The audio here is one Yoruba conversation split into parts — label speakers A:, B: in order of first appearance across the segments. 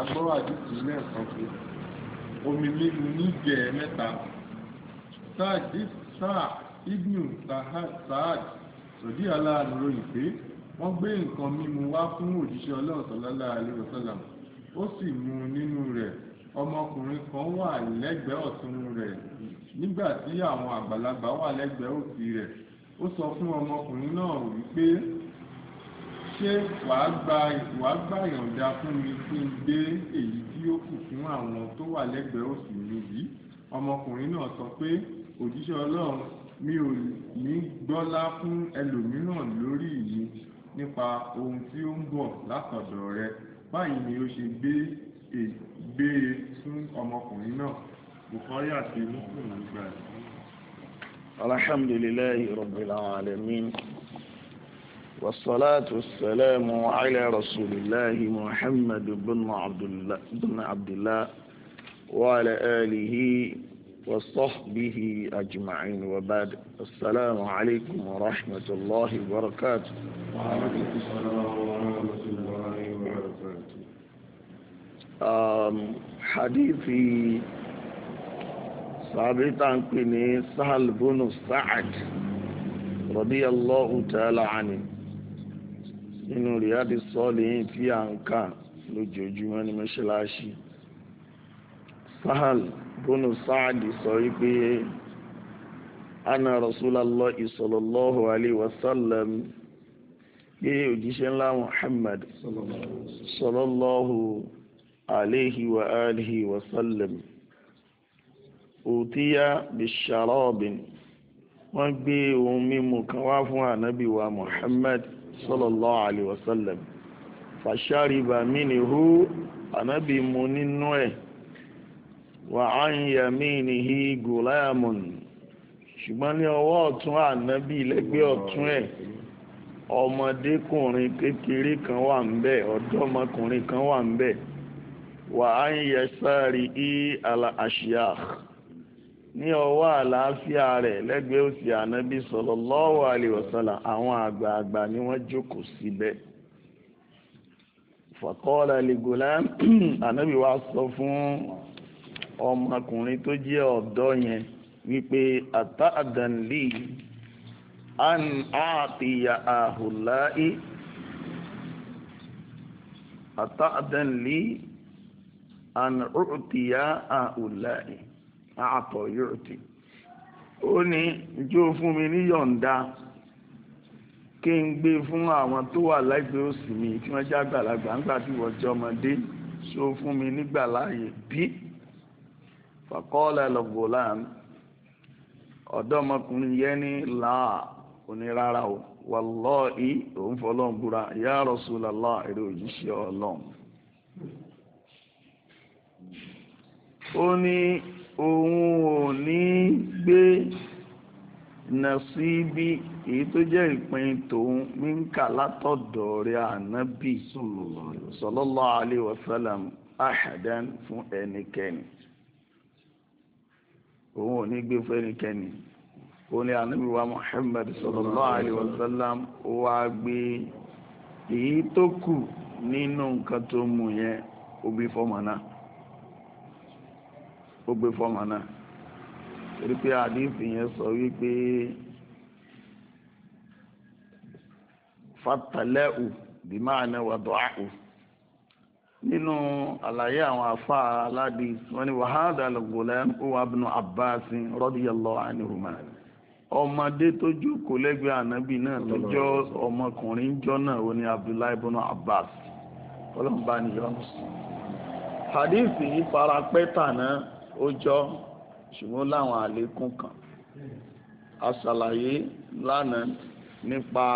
A: agbọ́rọ̀ àdìsí lẹ́ẹ̀kan pé omi mímu níjẹ̀ mẹ́ta sáà ibnu sahad sọ̀dí aláàánú ròyìn pé wọ́n gbé nǹkan mímu wá fún òjíṣẹ́ ọlọ́ọ̀sọ̀lọ́lá alẹ́wọ̀sọ́làm ó sì mu nínú rẹ̀ ọmọkùnrin kan wà lẹ́gbẹ̀ẹ́ ọ̀tún rẹ̀ nígbà tí àwọn àgbàlagbà wà lẹ́gbẹ̀ẹ́ òsì rẹ̀ ó sọ fún ọmọkùnrin náà wípé ṣé wàá gba ìyọ̀ǹda fún mi kí n gbé èyí tí ó kù fún àwọn tó wà lẹ́gbẹ̀ẹ́ òsì mi yìí ọmọkùnrin náà sọ pé òjíṣẹ́ ọlọ́run mi ò ní gbọ́lá fún ẹlòmíràn lórí yìí nípa ohun tí ó ń bọ̀ látọ̀dọ̀ rẹ báyìí ni ó ṣe gbé gbé e fún ọmọkùnrin náà bukhari àti
B: muslim nígbà
A: yìí. rabbil alamin. والصلاة والسلام على رسول الله محمد بن عبد الله بن عبد الله وعلى آله وصحبه أجمعين وبعد السلام عليكم ورحمة الله وبركاته وعليكم السلام ورحمة الله وبركاته حديثي صحابي تانكيني سهل بن سعد رضي الله تعالى عنه riyadi sọ́ọ̀lẹ́yìn tí a ń kà lójoojúmọ́ ní mọ́ṣáláṣí sahal bónú sáàdì sọ wípé ana rasulallah sallallahu alaihi wasallam pé òjíṣẹ́ ńlá muhammad sallallahu alaihi wa alihi wasallam òtíyá bisharabin wọ́n gbé ohun mímu kan wá fún ànábì muhammad sallallahu alaihi wasallam fàṣàrìbà mínihú ànábì mu nínú ẹ̀ wà á ń yà mínihi gùlámùn ṣùgbọ́n ní ọwọ́ ọ̀tún ànábì lẹ́gbẹ́ ọ̀tún ẹ̀ ọmọdékùnrin kékeré kan wà ń bẹ̀ ọ̀dọ́mọkùnrin kan wà ń bẹ̀ wà á ń yẹ sáàrí í àlà ní ọwọ́ àlàáfíà rẹ̀ lẹ́gbẹ̀ẹ́ òsì ànábì sallallahu alaihi wasallam àwọn àgbààgbà ni wọ́n jókòó síbẹ̀ faqala ànábì wa sọ fún ọmọkùnrin tó jẹ́ ọ̀dọ́ yẹn wípé ata'dan àtọ̀ yóò ti ó ní jó fún mi ní yọ̀ǹda kí n gbé fún àwọn tó wà láìpẹ́ òsì mi tí wọ́n já gbàlagbà ńgbà tí wọ́n jẹ́ ọmọdé ṣó fún mi nígbà láàyè bí fàkọ́ọ́lẹ̀ lọ́gọ́lán ọ̀dọ́mọkùnrin yẹn ní làá onírárá o wàlọ́ọ̀ì òun fọlọ́n búra ya Rasulullah èrè òjíṣẹ́ ọlọ́run ó ní òun ò ní gbé nàṣíbí èyí tó jẹ́ ìpín tòun mínkà látọ̀dọ̀ rẹ̀ ànábì sallallahu alaihi wasallam fún ẹnikẹ́ni òun ò ní gbé fún ẹnikẹ́ni òun ni ànábì wa Muhammad sallallahu alaihi wasallam wá gbé èyí tó kù yẹn obi ó gbé náà torí pé yẹn sọ wípé fatalẹ́ù bí máa ní nínú àlàyé àwọn afá aládì wọ́n ní wàhádà lọ́gbọ̀lẹ́ wà bínú àbáàsí radiyallahu anhuma ọmọdé tó jókòó lẹ́gbẹ̀ẹ́ ànábì náà tó jọ ọmọkùnrin jọ náà abdullahi bínú abbas ọlọ́mbà nìyọ́ hadithi yìí ó jọ ṣùgbọ́n láwọn àlékún kan a ṣàlàyé lánàá nípa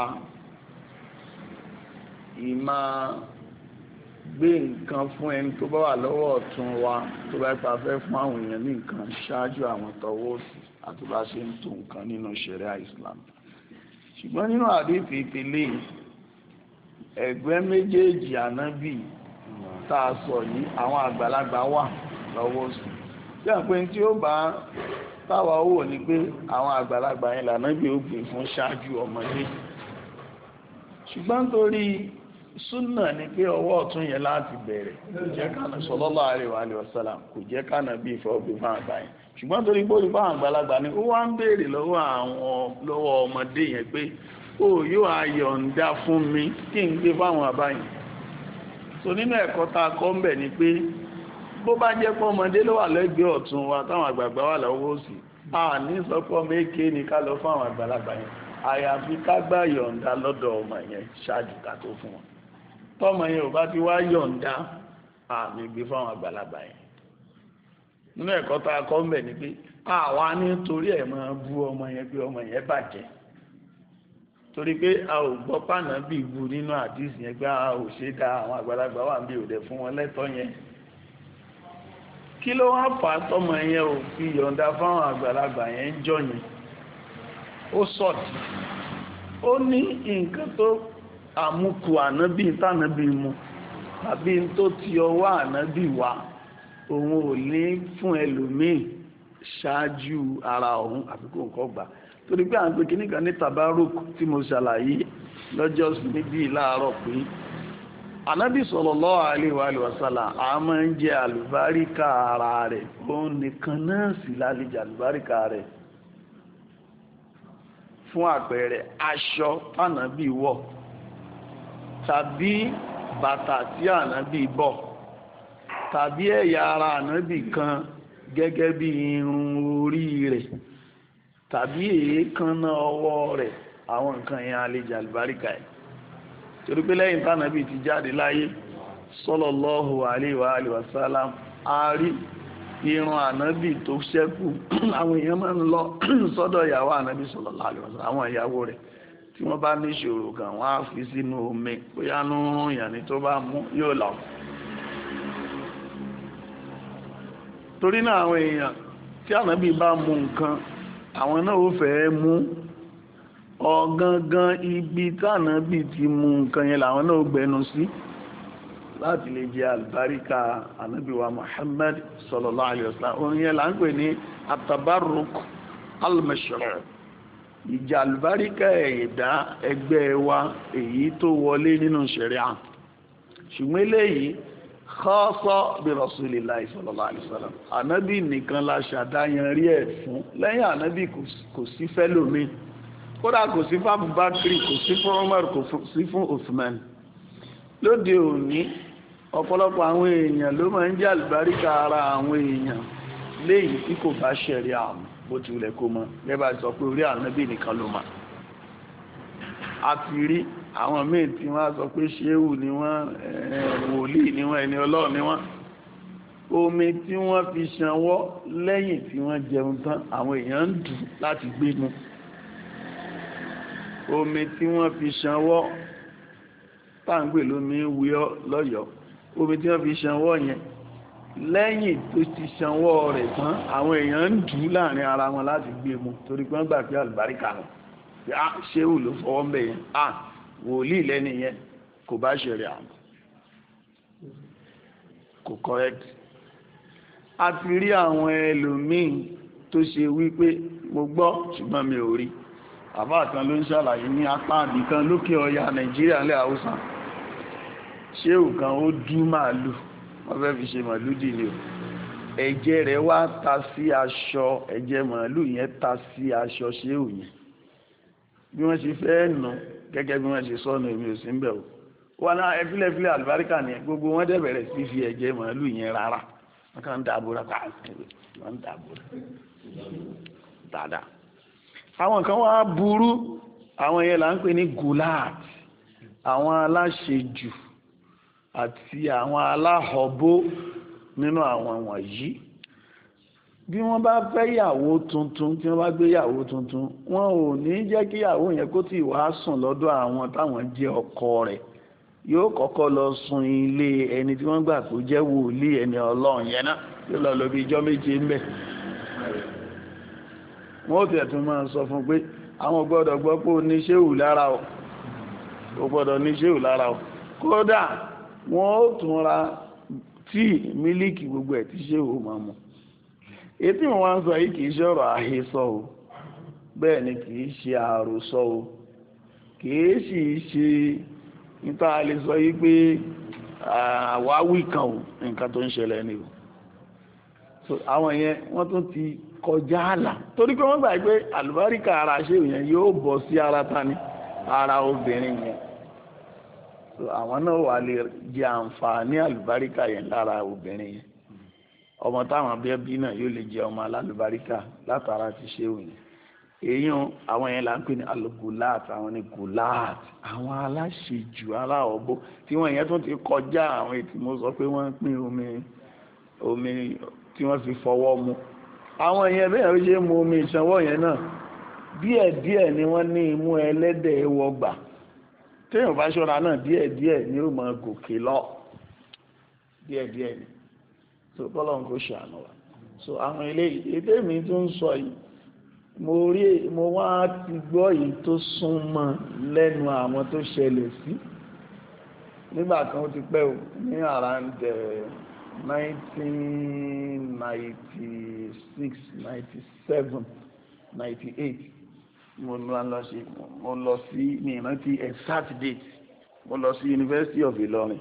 A: ìmá gbé nǹkan fún ẹni tó bá wà lọ́wọ́ ọ̀tún wa tó bá pa fẹ́ fún àwọn èèyàn ní nǹkan ṣáájú àwọn tọwọ́ òsì àti bá ṣe ń tò nǹkan nínú ṣẹ̀ríà Islam ṣùgbọ́n nínú àdéhùn ìpele ẹ̀gbẹ́ méjèèjì ànábì tá a sọ yìí àwọn àgbàlagbà wà lọ́wọ́ òsì jẹ́ pé tí ó bá táwa owó ni pé àwọn àgbàlagbà yẹn lànà bí ó gbìn fún ṣáájú ọmọdé ṣùgbọ́n torí súnà ni pé ọwọ́ ọ̀tún yẹn láti bẹ̀rẹ̀ kò jẹ́ kánà sallallahu alaihi wa sallam kò jẹ́ kánà bí ìfọwọ́gbé fún àgbà yẹn ṣùgbọ́n torí pé olùkọ́ àgbàlagbà ni ó wá ń ni pé bó bá jẹ́ pọ́ ọmọdé ló wà lẹ́gbẹ̀ẹ́ ọ̀tún wa táwọn àgbààgbà wà lọ́wọ́ òsì a ní sọpọ́ méke ní ká lọ fún àwọn àgbàlagbà yẹn àyàfi ká gbà yọ̀ǹda lọ́dọ̀ ọmọ yẹn ṣáájú ká tó fún wọn tọ́mọ yẹn ò bá ti wá yọ̀ǹda àmì gbé fún àwọn àgbàlagbà yẹn nínú ẹ̀kọ́ tá a kọ́ ń bẹ̀ ni pé àwa nítorí ẹ̀ máa bú ọmọ yẹn pé ọmọ yẹn bàjẹ́ torí pé a ò gbọ́ pàànà bíi bu nínú àdìsí yẹn pé a ò ṣe dáa àwọn àgbàlagbà wà ń bí òde fún wọn lẹ́tọ́ yẹn kí ló wá fà á tọ́mọ yẹn ò fi yọ̀nda fáwọn àgbàlagbà yẹn jọ yẹn ó sọ̀tì ó ní nǹkan tó àmukù ànábì tànábì mu àbí tó ti ọwọ́ ànábì wá òun ò ní fún ẹlòmíì ṣáájú ara òun àbíkò nǹkan gbà torí pé à ń pè kíníkan ní tabaruk tí mo ṣàlàyé lọ́jọ́ níbí láàárọ̀ pé Anabi sallallahu alaihi wa sallam a máa ń jẹ àlùbáríkà ara rẹ̀ òun nìkan náà sì lálejò àlùbáríkà rẹ̀ fún àpẹẹrẹ aṣọ tànàbí wọ̀ tàbí bàtà tí ànábì bọ̀ tàbí ẹ̀yà ara ànábì kan gẹ́gẹ́ bí irun orí rẹ̀ tàbí èékánná ọwọ́ rẹ̀ àwọn nǹkan yẹn àlejò àlùbáríkà yìí torí pé lẹ́yìn tánàbí ti jáde láyé sọ́lọ̀lọ́hù àríwá àríwàsálà àárí irun ànábì tó ṣẹ́kù àwọn èèyàn máa ń lọ sọ́dọ̀ ìyàwó ànábì sọ́lọ̀lọ́hù àríwàsálà àwọn ìyàwó rẹ̀ tí wọ́n bá ní ìṣòro kan wọ́n á fi sínú omi bóyá ní oòrùn ìyàní ọ̀gangan ibi tánà bí ti mú nǹkan yẹn làwọn náà gbẹnu sí láti lè jẹ àlùbáríkà anábíwa Muhammad sallallahu alaihi wasallam orin yẹn là ń pè ní atabaruk almashru' ìjà àlùbáríkà ẹ̀dá ẹgbẹ́ wa èyí tó wọlé nínú ṣẹ̀ríà ṣùgbọ́n eléyìí kọ́sọ́ bí Rasulillah sallallahu alaihi wasallam ànábì nìkan la ṣàdáyan rí ẹ̀ fún lẹ́yìn ànábì kò sí fẹ́lòmíì kódà kò sí fún Abubakar kò sí fún Umar kò sí fún Usman lóde òní ọ̀pọ̀lọpọ̀ àwọn èèyàn ló máa ń jẹ́ àlùbáríkà ara àwọn èèyàn léyìí tí kò bá ṣẹ̀rí àmù bó ti wulẹ̀ kó mọ lẹ́bàá sọ pé orí ànábì nìkan ló mà á àwọn míì tí wọ́n sọ pé ṣéwù ni wọ́n eh, wòlíì ni wọ́n ẹni ọlọ́run ni wọ́n omi tí wọ́n fi ṣanwọ́ lẹ́yìn tí wọ́n jẹun tán àwọn èèyàn ń dù láti gbé omi tí wọ́n fi ṣanwọ́ táǹgbè lómi wí ọ́ lọ́yọ̀ọ́ omi tí wọ́n fi ṣanwọ́ yẹn lẹ́yìn tó ti ṣanwọ́ rẹ̀ tán àwọn èèyàn ń dùn láàrin ara wọn láti gbé mu torí pé wọ́n gbà pé àlùbáríkà nù pé á ah, ló fọwọ́ ń bẹ̀ yẹn á ah, wòlíì lẹ́ni yẹn kò bá ṣẹlẹ̀ àmọ́ kò correct a ti rí àwọn ẹlòmíì tó ṣe wípé mo gbọ́ ṣùgbọ́n mi ò rí i àbá kan ló ń ṣàlàyé ní apá àbìkan lókè ọya nàìjíríà nílẹ̀ haúsá ṣéwù kan ó dú màálù wọ́n fẹ́ fi ṣe màálù dì ní o ẹ̀jẹ̀ rẹ̀ wá ta sí aṣọ ẹ̀jẹ̀ màálù yẹn ta sí aṣọ ṣéwù yẹn bí wọ́n ṣe fẹ́ nù gẹ́gẹ́ bí wọ́n ṣe sọnù èmi ò sí ń bẹ̀ o wọn náà ẹfílẹ̀fílẹ̀ àlùbáríkà ni gbogbo wọn dẹ̀ bẹ̀rẹ̀ sí fi ẹ̀jẹ̀ màálù yẹn rárá wọn kàn ń dàbò rà dáadáa àwọn kan wá burú àwọn yẹn là ń pè ní gulat àwọn aláṣejù àti àwọn aláhọ̀bó nínú àwọn wọ̀nyí bí wọ́n bá fẹ́ yàwó tuntun tí wọ́n bá gbé yàwó tuntun wọn ò ní jẹ́ kí yàwó yẹn kó tì wá sùn lọ́dọ̀ àwọn táwọn jẹ́ ọkọ rẹ̀ yóò kọ́kọ́ lọ sùn ilé ẹni tí wọ́n gbà kó jẹ́ wòlíì ẹni ọlọ́run yẹn náà yóò lọ lọ bí ijọ́ méje ń bẹ̀. wọ́n ti ẹ̀tún máa sọ fún pé àwọn gbọ́dọ̀ gbọ́ pé ó ní ṣéhù lára o ó gbọ́dọ̀ ní ṣéhù lára kódà wọ́n ó tún ra tíì mílíkì gbogbo ẹ̀ tí ṣéhù mu wọn wá ń sọ yìí kìí ṣe ọ̀rọ̀ àhesọ o bẹ́ẹ̀ ni kìí ṣe àròsọ o kìí sì ṣe níta lè o nǹkan tó ń ṣẹlẹ̀ ni o àwọn yẹn wọ́n kọjá àlà torí pé wọ́n gbà pé àlùbáríkà ara ṣéwù yẹn yóò bọ̀ sí ara tani ara obìnrin yẹn so àwọn náà wà lè jẹ àǹfààní àlùbáríkà yẹn lára obìnrin yẹn ọmọ táwọn abẹ́bí náà yóò lè jẹ ọmọ alálùbáríkà látara ti ṣéwù yẹn èèyàn àwọn yẹn là ń pè ní alugulat àwọn ni gulat àwọn aláṣejù aláọ̀bọ tí wọ́n yẹn tún ti kọjá àwọn ètí mo sọ pé wọ́n ń pín omi omi tí wọ́n fi fọwọ́ mu àwọn èèyàn bẹ́ẹ̀ ló ṣe mú omi ìsanwó yẹn náà díẹ̀ díẹ̀ ni wọ́n ní imú ẹlẹ́dẹ̀ wọgbà téèyàn bá ṣọ́ra náà díẹ̀ díẹ̀ ni ó máa gòkè lọ díẹ̀ díẹ̀ ni tó bọ́lọ́n kò ṣàánú wa so àwọn eléyìí ètò èmi tó ń sọ yìí mo rí mo wá ti gbọ́ yìí tó súnmọ́ lẹ́nu àwọn tó ṣẹlẹ̀ sí nígbà kan ó ti pẹ́ o ní àrà ń tẹ̀ ẹ́ 1996, 97, 98. ninety seven mo lọ sí mo lọ sí mi ìrántí exact date mo lọ sí University of Ilorin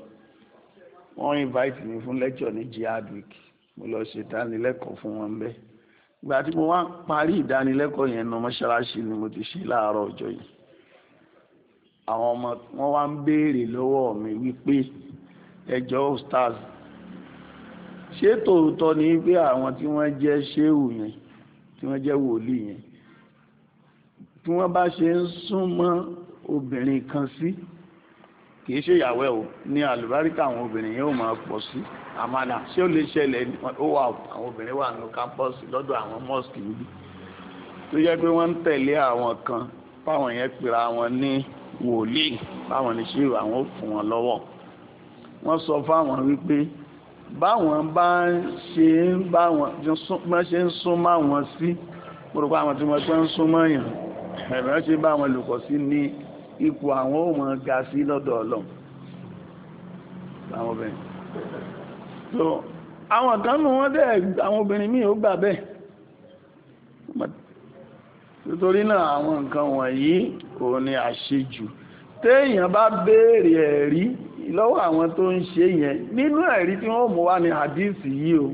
A: wọ́n invite mi fún lecture ní jihad week mo lọ ṣe ìdánilẹ́kọ̀ọ́ fún wọn bẹ́ẹ̀ ìgbà tí mo wá parí ìdánilẹ́kọ̀ọ́ yẹn náà mọ́ṣáláṣí ni mo ti ṣe láàárọ̀ ọjọ́ yìí àwọn ọmọ wọn wá ń béèrè lọ́wọ́ mi wípé ẹjọ́ stars ṣé tòótọ́ ni pé àwọn tí wọ́n jẹ́ ṣéwù yẹn tí wọ́n jẹ́ wòlíì yẹn tí wọ́n bá ṣe ń súnmọ́ obìnrin kan sí kì í ṣe ìyàwó ẹ̀ o ní àlùbáríkà àwọn obìnrin yẹn ò máa pọ̀ sí àmàlà ṣé ó lè ṣẹlẹ̀ ó wà àwọn obìnrin wà nínú kámpọ́ọ̀sì lọ́dọ̀ àwọn mọ́ọ̀sì níbí tó yẹ pé wọ́n ń tẹ̀lé àwọn kan fáwọn yẹn pera wọn ní wòlíì fáwọn ní ṣírò àwọn ò fún wọn lọ́wọ́ wọ́n sọ fáwọn wípé báwọn bá ṣe ń báwọn ṣe ń sún máwọn sí orúkọ àwọn tí wọ́n pẹ́ ń sún mọ́yàn ẹ̀rẹ́ ṣe báwọn lùkọ̀ sí ní ipò àwọn ò mọ̀ ga sí lọ́dọ̀ ọlọ́run àwọn obìnrin so àwọn kan nù wọ́n dẹ̀ àwọn obìnrin míì ó téèyàn bá béèrè ẹ̀rí lọ́wọ́ àwọn tó ń ṣe yẹn nínú ẹ̀rí tí wọ́n mú wá ní hadisi yìí o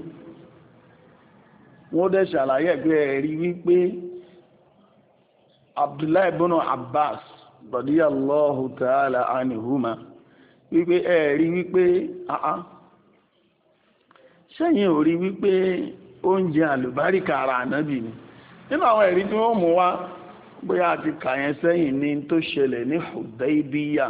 A: wọ́n dẹ̀ ṣàlàyé ẹ̀rí wípé Abdullahi Abbas Abbas radiyallahu ta'ala anihuma wípé ẹ̀rí wípé àá ṣẹ́yìn wípé oúnjẹ àlùbáríkà ara ànábì ni nínú àwọn ẹ̀rí tí bóyá a ti kà yẹn sẹ́yìn ní tó ṣẹlẹ̀ ní Hudaybiya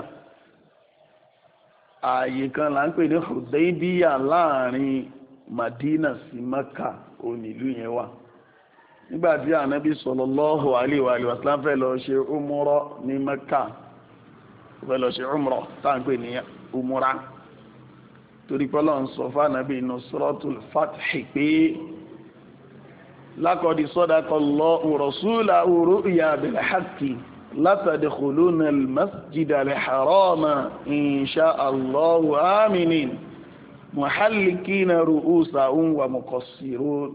A: ààyè kan là ń pè ní láàrin Madina sí Maka onílù yẹn wà nígbà tí ànábì aliyu alaihi wa sallam fẹ́ lọ ṣe umrọ ní Maka fẹ́ lọ ṣe umrọ tá à ń pè ní umra torí pé Ọlọ́run sọ fún nusratul fatih pé. lákọ̀dí sọ́dákọ̀ lọ òrọ̀súlà òrò ìyá àbẹ̀lẹ̀ hàkì látàdé kòlónà masjidalẹ̀ harọ́mà inṣà allahu aminin muhallikina ru'usahum wa muqassirun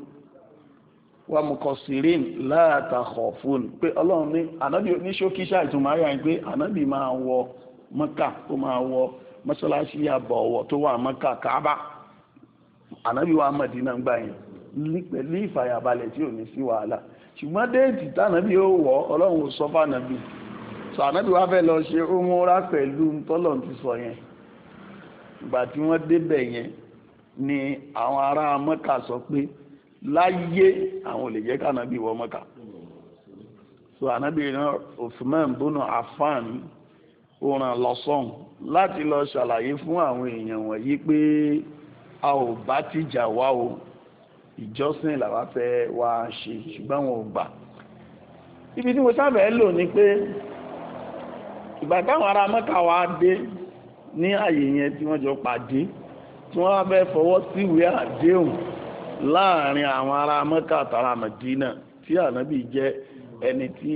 A: wa muqassirin la takhafun pé ọlọ́run ní ànábì ní ṣókíṣà ìtumọ̀ ayà pé ànábì máa wọ mọ́kà tó máa wọ mọ́ṣáláṣí àbọ̀wọ̀ tó wà mọ́kà káábà ànábì wa mọ̀dínà gbà yẹn pẹ̀lú ìfàyàbalẹ̀ tí ò ní sí wàhálà ṣùgbọ́n déètì tánàbí ó wọ̀ ọlọ́run ò sọ fánàbí sọ ànábì wá fẹ́ lọ ṣe umura pẹ̀lú tọ́lọ̀ ti sọ yẹn ìgbà tí wọ́n débẹ̀ yẹn ni àwọn ará mọ́kà sọ pé láyé àwọn ò lè jẹ́ kánàbí wọ mọ́kà so ànábì náà Usman bùnú Affan ó ràn lọ sọ́hùn láti lọ ṣàlàyé fún àwọn èèyàn wọ̀nyí pé a ò bá tìjà wá o ìjọsìn làwa fẹ́ wá ṣe ṣùgbọ́n wọn ò gbà ibi tí mo sábẹ̀ lò ni pé ìgbà táwọn ará mẹ́ta wá dé ní àyè yẹn tí wọ́n jọ pàdé tí wọ́n wá fẹ́ fọwọ́ síwé àdéhùn láàrin àwọn ará mẹ́ta àtàrà mẹ́dínà tí ànábì jẹ́ ẹni tí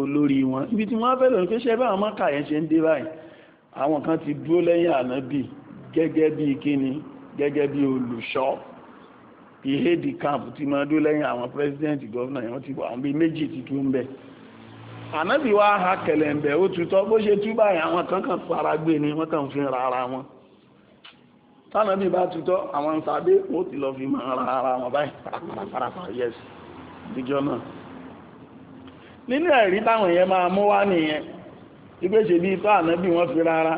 A: olórí wọn ibi tí wọ́n fẹ́ lò ní pé ṣẹ́ bá àwọn mẹ́ta yẹn ṣe ń dé báyìí àwọn kan ti dúró lẹ́yìn ànábì gẹ́gẹ́ bí kíni gẹ́gẹ́ bí olùṣọ́ ìhédì camp tí máa dó lẹ́yìn àwọn president gọ́vnà yẹn ti wà àwọn bíi méjì ti tún ń bẹ̀ ànábì wá ha kẹlẹ̀ǹbẹ̀ ó tutọ́ bó ṣe tú báyìí àwọn kan fara gbé ni wọ́n kàn fi ra ara wọn tánàbí bá tutọ́ àwọn sàbẹ́ ó ti lọ fi máa ra ara wọn báyìí parapàrapà yes ìjọ náà nínú ẹ̀rí táwọn èèyàn máa mú wá nìyẹn ìgbéṣe bí ipá ànábì wọ́n fi rárá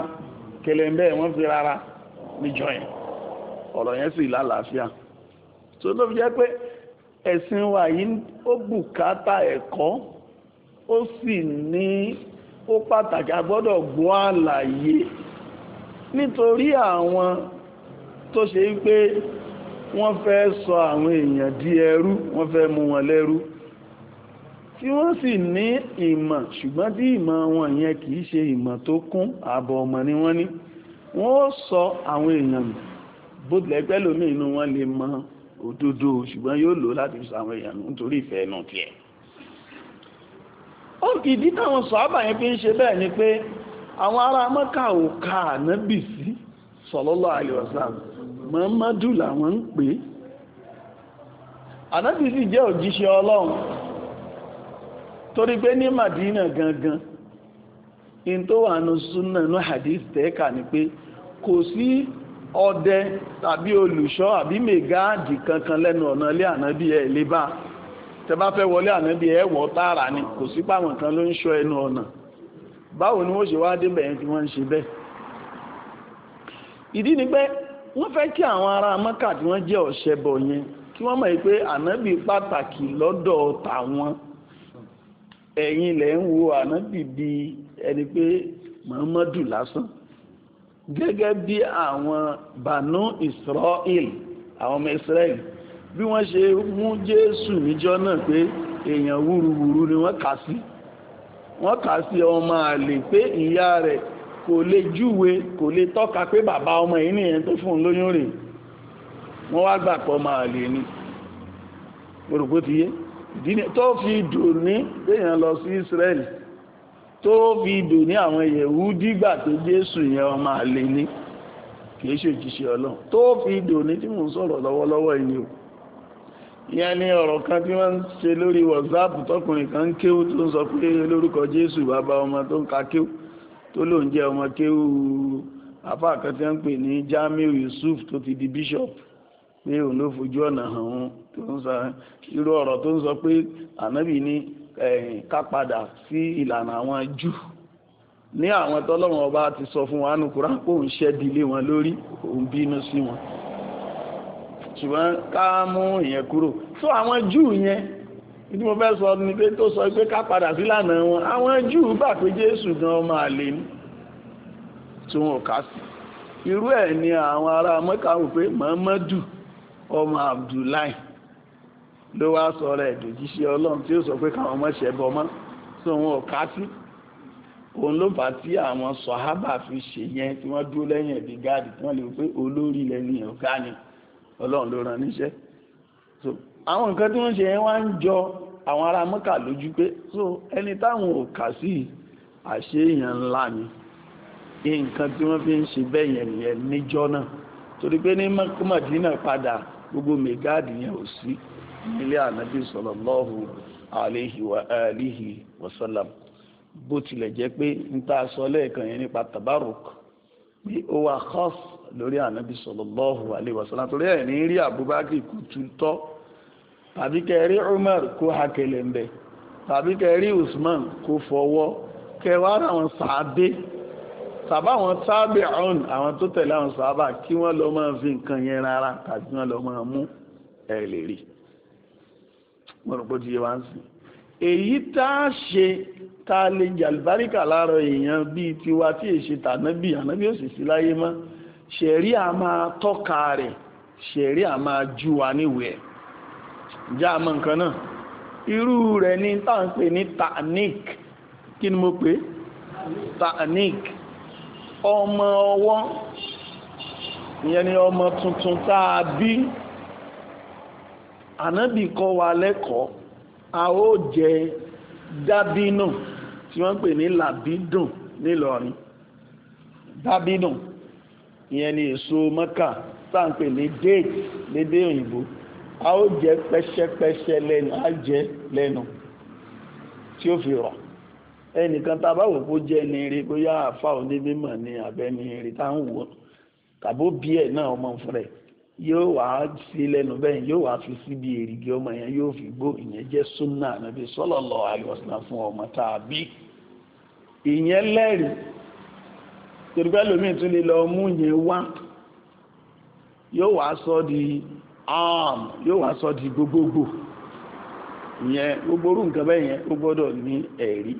A: kẹlẹ̀ǹbẹ̀ wọ́n fi rárá níjọ yẹn ọ̀rọ̀ yẹn sì lálàáfíà tó ló fi jẹ́ pé ẹ̀sìn wa yìí ó bùkátà ẹ̀kọ́ ó sì ní ó pàtàkì a gbọ́dọ̀ gbọ́ àlàyé nítorí àwọn tó ṣe wípé wọ́n fẹ́ sọ àwọn èèyàn di ẹrú wọ́n fẹ́ mú wọn lẹ́rú tí wọ́n sì ní ìmọ̀ ṣùgbọ́n tí ìmọ̀ wọn yẹn kìí ṣe ìmọ̀ tó kún ààbọ̀ ọmọ ni wọ́n ní wọ́n sọ àwọn èèyàn bó tilẹ̀ pẹ́ lómi inú wọn lè mọ òdodo ṣùgbọ́n yóò lò láti fi sàwọn èèyàn nù torí ìfẹ́ ẹnu tiẹ̀ ó ìdí táwọn sọ́ábà yẹn fi ń ṣe bẹ́ẹ̀ ni pé àwọn ará mọ́kà ò ka ànábì sí sallallahu alaihi mọ́mọ́dù làwọn ń pè é ànábì jẹ́ òjíṣẹ́ ọlọ́run Madina gangan in tó wà nù súnà nù hadith tẹ́ka ni ọdẹ tàbí olùṣọ́ àbí mẹ̀gáàdì kankan lẹ́nu ọ̀nà ilé ànábì ẹ̀ lè bá tẹ bá fẹ́ wọlé ànábì ẹ̀ wọ̀ tààrà ni kò sí páwọn kan ló ń ṣọ́ ẹnu ọ̀nà báwo ni wọ́n ṣe wá débẹ̀ yẹn tí wọ́n ń ṣe bẹ́ẹ̀ ìdí ni pé wọ́n fẹ́ kí àwọn ará mọ́kà tí wọ́n jẹ́ ọ̀ṣẹbọ yẹn kí wọ́n mọ̀ pé ànábì pàtàkì lọ́dọ̀ tàwọn ẹ̀yin lẹ́ ń wo ànábì bíi ẹni pé mọ̀ọ́mọ́dù lásán gẹ́gẹ́ bí àwọn bànú Israel àwọn ọmọ Israel bí wọ́n ṣe mú Jésù níjọ́ náà pé èèyàn wúruwúru ni wọ́n kà sí wọ́n kà sí ọmọ àlè pé ìyá rẹ̀ kò lè júwe kò lè tọ́ka pé bàbá ọmọ yìí nìyẹn tó fún un lóyún rè wọ́n wá gbà pọ̀ ọmọ àlè ni orùkú ti yé tó fi dùn ní èèyàn lọ sí Israel tó fi dùn ní àwọn yẹ̀wú dígbà tó jésù yẹn ọmọ àlè ní kìí ṣe òjíṣẹ́ ọlọ́run tó fi dùn ní tí mò ń sọ̀rọ̀ lọ́wọ́lọ́wọ́ yìí o ìyẹn ni ọ̀rọ̀ kan tí wọ́n ń ṣe lórí whatsapp tọkùnrin kan ń kéwú tó ń sọ pé lórúkọ jésù bàbá ọmọ tó ń ka kéwú tó lóun jẹ́ ọmọ kéwú àfáà kan tí wọ́n ń pè ní jamiu yusuf tó ti di bishop pé òun ló fojú ọ̀nà hàn òun tó ń irú ọ̀rọ̀ tó ń sọ pé ànábì ní ẹ̀yìn ká padà sí ìlànà àwọn jù ní àwọn tọ́lọ́wọ́n ọba ti sọ fún wa nùkúrá kó ń ṣẹ́di lé wọn lórí òun bínú sí wọn ṣùgbọ́n ká mú ìyẹn kúrò tó àwọn jù yẹn ní mo fẹ́ sọ ní pé tó sọ pé ká padà sí ìlànà wọn àwọn jù gbà pé jésù gan ọmọ àlè ní tí wọn ò sí irú ẹ̀ ni àwọn ará mọ́kà pé mọ́mọ́dù ọmọ abdullahi ló wá sọ̀rọ̀ ẹ̀dùnjíṣẹ́ ọlọ́run tí ó sọ pé káwọn ọmọ ṣẹ̀ bọ́ mọ́ tó wọn ò kátí òun ló bá tí àwọn sọ̀hábà fi ṣe yẹn tí wọ́n dúró lẹ́yìn ẹ̀bí gáàdì tí wọ́n lè pé olórí lẹ́ni ọ̀gá ni ọlọ́run ló rán níṣẹ́ so àwọn nǹkan tí wọ́n ṣe yẹn wá ń jọ àwọn ará mọ́kà lójú pé so ẹni táwọn ò kà sí àṣeyàn ńlá ni nǹkan tí wọ́n fi ń ṣe bẹ́ẹ̀ yẹn nìyẹn níjọ́ náà torí pé ní mọ́kàmọ́dínà padà gbogbo mẹ́gáàdì yẹn ò sí nílé ànábì sallallahu alayhi wa alihi wa sallam bó tilẹ̀ jẹ́ pé ń tá a sọ lẹ́ẹ̀kan yẹn nípa tabaruk pé ó wà khas lórí ànábì sallallahu alayhi wa sallam torí ẹ̀ ní rí Abubakar kú tutọ́ tàbí kẹrí Umar kó hakẹlẹ̀ ń bẹ̀ tàbí kẹrí Usman kó fọwọ́ kẹwàá àwọn sàábé sàbá àwọn sábẹ̀ ọ̀n àwọn tó tẹ̀lé àwọn sàábà kí wọ́n lọ máa fi nǹkan yẹn rárá tàbí wọ́n lọ máa mú ẹ̀ lè rí i mọ̀rọ̀pọ̀ ti yẹ wá ń sìn èyí tá a ṣe tá a lè jàlùbáríkà lára èèyàn bíi tiwa tí èṣe tànábì ànábì ò sì sí láyé mọ́ ṣẹ̀rí a máa tọ́ka rẹ̀ ṣẹ̀rí a máa jù wá níwèé já a mọ̀ nǹkan náà irú rẹ̀ ní tá ń pè ní tanik kí ni mo pè tanik ọmọ ọwọ́ ìyẹn ni ọmọ tuntun tá a bí ànábì kọ́ wa lẹ́kọ̀ọ́ a ó jẹ dábínù tí wọ́n ń pè ní làbídùn nílọrin dábínù ìyẹn ni èso mọ́kà tá à ń pè ní déètì lédè òyìnbó a ó jẹ pẹ́ṣẹ́pẹ́ṣẹ́ lẹ́nu a jẹ lẹ́nu tí ó fi rọ̀ ẹnìkan tá a bá wò kó jẹ́ ní rí bóyá àfa onímọ̀ ni àbẹ́ni rí tá à ń wò tàbó bí ẹ̀ náà ọmọ fún rẹ̀ yóò wá sí lẹ́nu bẹ́ẹ̀ yóò wá fi síbi ọmọ yẹn yóò fi gbó ìyẹn jẹ́ súnà nàbí sallallahu alaihi wasallam fún ọmọ tàbí ìyẹn lẹ́rìí torípẹ́ lómi tún lè lọ mú yẹn wá yóò wá sọ di arm yóò wá sọ di gbogbogbò ìyẹn gbogbo orú nǹkan bẹ́ẹ̀ yẹn ó gbọ́dọ̀ ní ẹ̀rí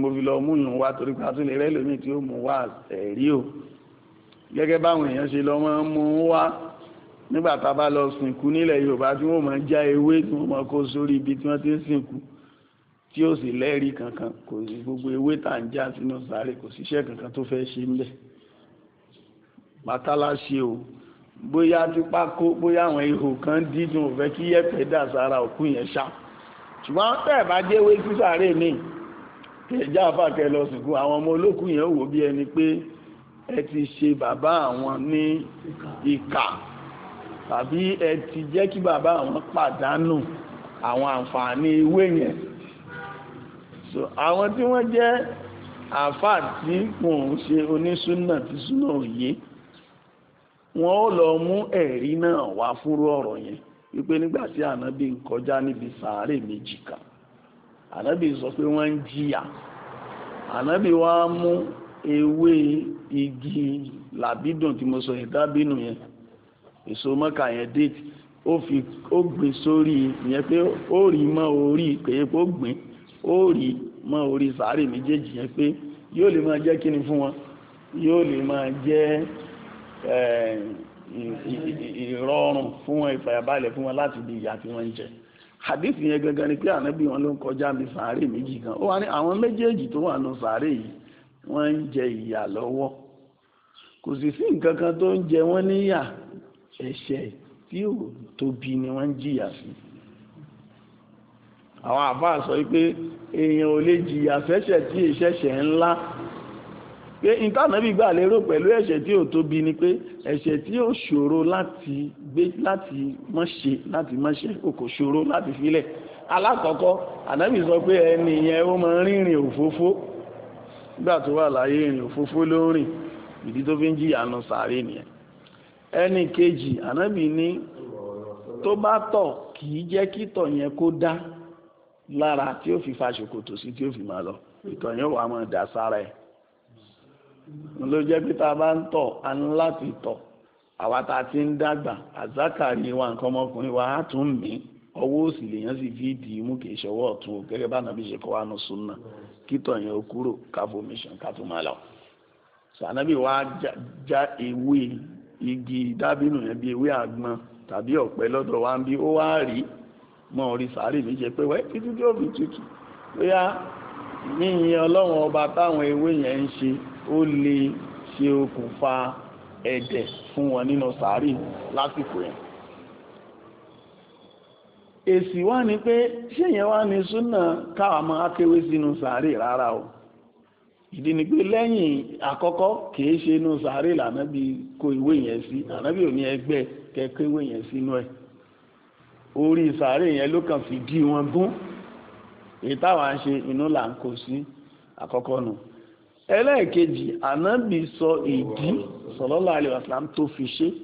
A: mo fi lọ mú yẹn wá torípẹ́ rẹ́ lómi tí ó mú wá ẹ̀rí o gẹ́gẹ́ báwọn èèyàn ṣe mọ́ mú wá nígbà tá a bá lọ sìnkú nílẹ̀ yorùbá tí wọ́n máa já ewé tí wọ́n máa kó sórí ibi tí wọ́n ti ń sìnkú tí ó sì lẹ́rìí kankan kò sí gbogbo ewé tá à ń já sínú sáré kò síṣẹ́ kankan tó fẹ́ ṣe ńbẹ̀ bàtálá ṣe o bóyá tipa kó bóyá àwọn ihò kan dí tí wọ́n fẹ́ kí yẹ̀pẹ̀ dà sára òkú yẹn ṣá ṣùgbọ́n tẹ́ẹ̀ bá jẹ́ ewé sí sáré mi kẹjá àfàkẹ́ lọ sìnkú àwọn ọmọ olókùn yẹn wò bí ẹni pé ẹ ti ṣe bàbá àwọn ní ìkà tàbí ẹ ti jẹ́ kí bàbá àwọn pàdánù àwọn àǹfààní ewé yẹn so àwọn tí wọ́n jẹ́ àfáà tí wọ́n ń ṣe onísúnà tí súnà òye wọ́n ó lọ mú ẹ̀rí náà wá fúrú ọ̀rọ̀ yẹn wípé nígbà tí ànábì ń kọjá níbi sàárè méjì kan ànábì sọ pé wọ́n ń jìyà ànábì wá mú ewé igi làbídùn tí mo sọ ẹ̀dábínú yẹn eso mọ́kà yẹn date ó fi ó gbìn sórí ìyẹn pé ó rí mọ́ orí gbin pé ó ma ó rí mọ́ orí sàárè méjèèjì yẹn pé yóò lè máa jẹ́ kíni fún wọn yóò lè máa jẹ́ eh, ìrọ̀rùn fún wọn ìfàyàbalẹ̀ fún wọn láti di ìyà tí wọ́n ń jẹ hadith yẹn gangan ni pé ànábì wọn ló ń kọjá mi sàárè méjì kan ó wà ní àwọn méjèèjì tó wà nù sàárè yìí ń jẹ ìyà kò sì sí nǹkan kan ẹ̀ṣẹ̀ tí ò tóbi ni wọ́n ń jìyà sí àwọn àfáà sọ wípé èèyàn ò lè jìyà sẹ́ṣẹ̀ tí ìṣẹ̀ṣẹ̀ ńlá pé ìtànàbí gbà lérò pẹ̀lú ẹ̀ṣẹ̀ tí ò tóbi ni pé ẹ̀ṣẹ̀ tí ó ṣòro láti gbé láti mọ́ ṣe láti mọ́ ṣe ó kò ṣòro láti filẹ̀ alákọ̀ọ́kọ́ ànábì sọ pé ẹni yẹn ó máa rìnrìn òfófó nígbà tó wà láyé ìrìn òfófó ló ń rìn ìdí tó fi ń jìyà nù sàárè nìyẹn ẹnì kejì ànábì ní tó bá tọ̀ kì í jẹ́ kí tọ̀ yẹn kó dá lára tí ó fi fa ṣòkòtò sí tí ó fi máa lọ ìtọ̀ yẹn wà máa dà sára ẹ̀ ló jẹ́ pé tá a bá ń tọ̀ a ní láti tọ̀ àwa tá ti ń dàgbà àzákàrí wa nǹkan ọmọkùnrin wa á tún mí ọwọ́ òsì lèèyàn sì fi dì í mú kì í ṣọwọ́ ọ̀tún gẹ́gẹ́ bá nàbí ṣe kọ́ wa nù súnà kítọ̀ yẹn ó kúrò káfọmíṣàn ká tún máa lọ sànàbí wa já ewé igi dábìnù yẹn bí ewé àgbọn tàbí ọ̀pẹ lọ́dọ̀ wa ń bí ó wá rí mọ́ orí sàárì mi jẹ pé wẹ́ títí tí ó fi tutù bóyá yíyin ọlọ́run ọba táwọn ewé yẹn ń ṣe ó lè ṣe okùnfà ẹ̀dẹ̀ fún wọn nínú sàárì lásìkò yẹn èsì wá ni pé ṣé wá ní súnà káwa máa kéwé sínú sàárì rárá o ìdí ni pé lẹ́yìn àkọ́kọ́ kìí ṣe inú sàárè lànàbí kó ìwé yẹn sí ànàbí ò ní ẹgbẹ́ kẹ́kọ́ ìwé yẹn sínú ẹ̀ orí sàárè yẹn ló kàn fi dí wọn gún èyí táwa ń ṣe inú là ń kó sí àkọ́kọ́ nù ẹlẹ́ẹ̀kejì ànàbí sọ ìdí sọlọ́lá àlè wàsálàm tó fi ṣe é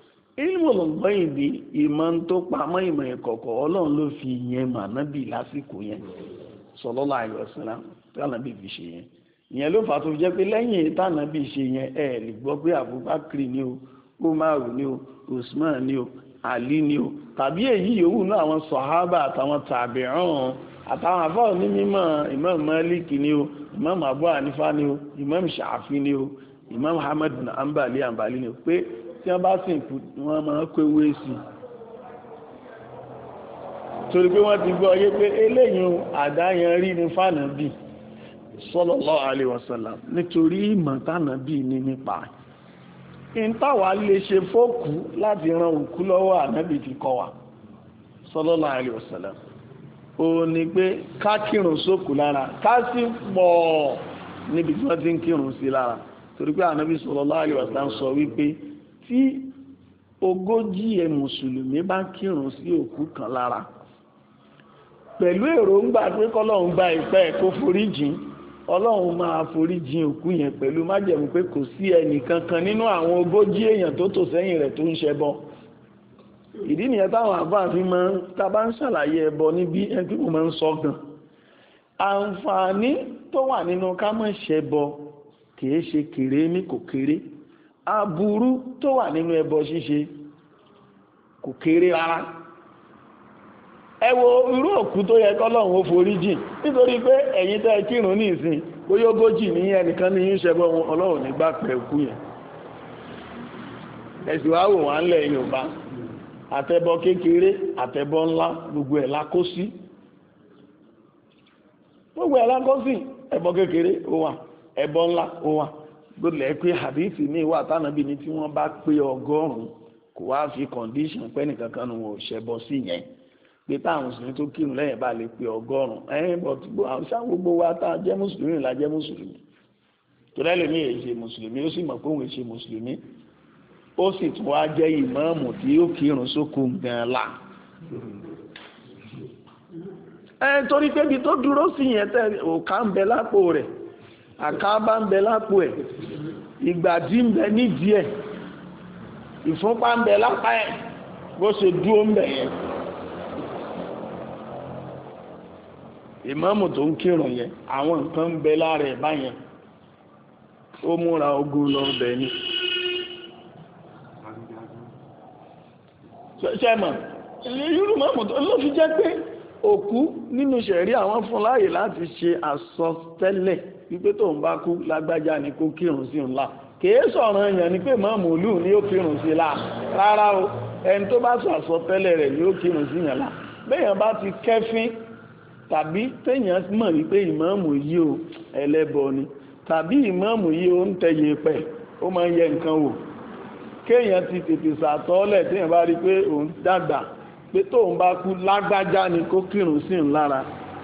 A: ilmul ghaibi ìmọ̀ tó pamọ́ ìmọ̀ ìkọ̀kọ̀ ọlọ́run ló fi yẹn mà nábì lásìkò yẹn sallallahu alaihi wasallam fi ṣe yẹn ìyẹn ló fà tó jẹ́ pé lẹ́yìn ṣe yẹn ẹ lè gbọ́ pé Abubakar ni o Umaru ni o Usman ni o Ali ni o tàbí èyí yòówù náà àwọn sọ̀hábà àtàwọn àtàwọn Imam Malik ni Imam Abu Hanifa ni Imam Shafi ni o Imam Ambali Ambali ni tí wọ́n bá sìnkú wọ́n máa kó ewé sí torí pé wọ́n ti gbọ́ yé pé eléyìn àdáyàn rí ní fànàbí sallallahu alaihi wasallam nítorí ìmọ̀ tánàbí ní nípa in táwa lè ṣe fóòkú láti ran òkú lọ́wọ́ ànábì ti kọ́ wa sallallahu alaihi wasallam ó ní pé ká kírun sókù lára ká sì pọ̀ níbi tí wọ́n ti ń kírun sí lára torí pé ànábì sallallahu alaihi wasallam sọ wípé tí ogójì ẹ̀ mùsùlùmí bá kírun sí òkú kan lára pẹ̀lú èròǹgbà pé kọ́lọ́run gba ìpẹ́ kó foríjìn ọlọ́run máa foríjìn òkú yẹn pẹ̀lú májẹ̀mú pé kò sí ẹnì kankan nínú àwọn ogójì èèyàn tó tò sẹ́yìn rẹ̀ tó ń ṣẹbọ ìdí nìyẹn táwọn àbáàfin máa ń ta ń ṣàlàyé ẹbọ níbi ẹni tí mo máa ń sọ gan àǹfààní tó wà nínú ká má ṣẹbọ kìí ṣe kéré ní kò kéré Aburu tó wà nínú ẹbọ ṣíṣe kò kéré rárá ẹ irú òkú tó yẹ kọ́lọ́run ó forí jìn nítorí pé ẹ̀yin tẹ́ kírun ní ìsìn bóyá ogójì ní ẹnìkan ní yín wọn ọlọ́run nígbà pẹ̀ òkú yẹn ẹ̀sìn gbogbo ẹ̀ la gbogbo ẹ̀ la sí ẹbọ kékeré ó wà gbọ́dọ̀ ẹ pé hadithi ní ìwà tánàbí ni tí wọ́n bá pé ọgọ́rùn-ún kò wá fi condition pé nìkankan nu wọn ò ṣẹbọ sí yẹn pé táwọn mùsùlùmí tó kírun lẹ́yìn bá lè pé ọgọ́rùn-ún ẹ̀yìn bọ̀ gbogbo àwùjọ gbogbo wa tá a jẹ́ mùsùlùmí la jẹ́ mùsùlùmí tòlẹ́ lèmi èyí ṣe mùsùlùmí ó sì mọ̀ pé òun èyí ṣe mùsùlùmí ó sì tún wá jẹ́ ìmáàmù tí ó kírun sókun gan-an la ẹ torí pé ibi tó dúró sí yẹn tẹ òkà ń bẹ lápò rẹ̀ àkábá ń bẹ lápò ẹ̀ ìgbàdí ń bẹ nídìí ẹ̀ ìfúnpá ń bẹ lápá ẹ̀ bó ṣe dúró ń bẹ yẹn ìmáàmù tó ń kírun yẹn àwọn nǹkan ń bẹ lára ẹ̀ báyẹn ó múra ogun lọ bẹ̀ ni. sẹ́mọ̀ irú mọ́mù tó ló fi jẹ́ pé òkú nínú ṣẹ̀rí àwọn fún láàyè láti ṣe àsọtẹ́lẹ̀ wípé tóun bá kú lágbájá ni kó kírun sí ńlá kìí sọ̀rọ̀ èèyàn ni pé máa mòlú ni ó kírun sí la rárá o ẹni tó bá sọ àsọtẹ́lẹ̀ rẹ̀ yóò kírun sí yàn la béèyàn bá ti kẹ́fín tàbí téèyàn mọ̀ wípé ìmáàmù yìí o ẹlẹ́bọ ni tàbí ìmáàmù yìí o ń tẹ̀yẹ pẹ̀ ó máa ń yẹ nǹkan wò kéèyàn ti tètè sàtọ́ọ́lẹ̀ téèyàn bá rí pé òun dàgbà pé tóun bá kú lágbájá ni kó kírun sí ń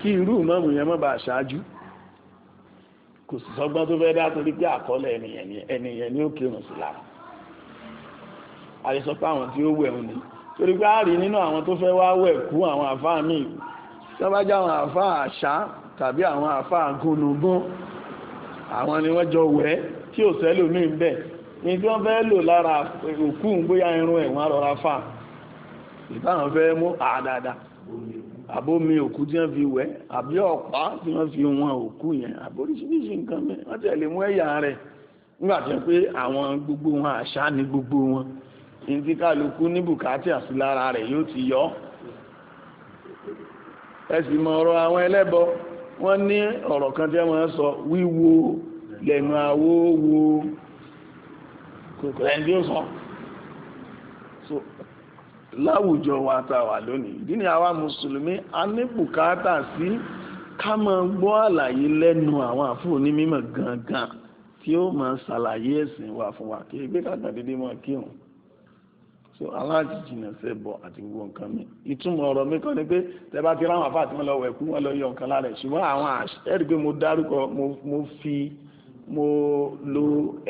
A: kí irú ìmáàmù yẹn má bàa ṣáájú kò sì sọgbọ́n tó fẹ́ dá torí pé àkọọ́lẹ̀ ẹnìyẹn ni ẹnìyẹn ni ó kírun sí lára àyẹ̀sọ pé àwọn tí ó wẹ̀ ń ni torí pé a rí nínú àwọn tó fẹ́ wá wẹ̀ kú àwọn àfáà míì tó bá jẹ́ àwọn àfáà àṣà tàbí àwọn àfáà gúnugún àwọn ni wọ́n jọ wẹ̀ tí ò sẹ́lò ní ìbẹ̀ ní tí wọ́n fẹ́ lò lára òkú ń gbóyà irun ẹ̀wọ̀n rọra fà fẹ́ mú àdáadáa àbómi òkú tí wọ́n fi wẹ̀ àbí ọ̀pá tí wọ́n fi wọn òkú yẹn àbóríṣiríṣi nǹkan mẹ́ wọ́n tẹ̀lé mú ẹ̀yà rẹ̀ nígbà tí wọ́n pé àwọn gbogbo wọn àṣà ni gbogbo wọn ní kálukú ní bùkátì àti lára rẹ̀ yóò ti yọ ẹ sì mọ ọ̀rọ̀ àwọn ẹlẹ́bọ wọ́n ní ọ̀rọ̀ kan tí wọ́n sọ wíwo lẹ́nu àwo wo kòkòrò ẹni tí ó sọ láwùjọ wa tá wà lónìí ìdí ni àwa mùsùlùmí a ní bùkátà sí ká máa gbọ́ àlàyé lẹ́nu àwọn àfúnni mímọ̀ gangan tí ó máa ṣàlàyé ẹ̀sìn wa fún wa kí ẹgbẹ́ kàkà dédé máa kírun so aláàjìjìnà ṣe bọ̀ àti gbogbo nǹkan mi ìtumọ̀ ọ̀rọ̀ mi kọ́ ni pé tẹ bá ti ráwọn àfáà tí wọ́n lọ wẹ̀kú wọ́n lọ yọ nǹkan lára ṣùgbọ́n àwọn ẹ̀rí pé mo dárúkọ mo fi mo lo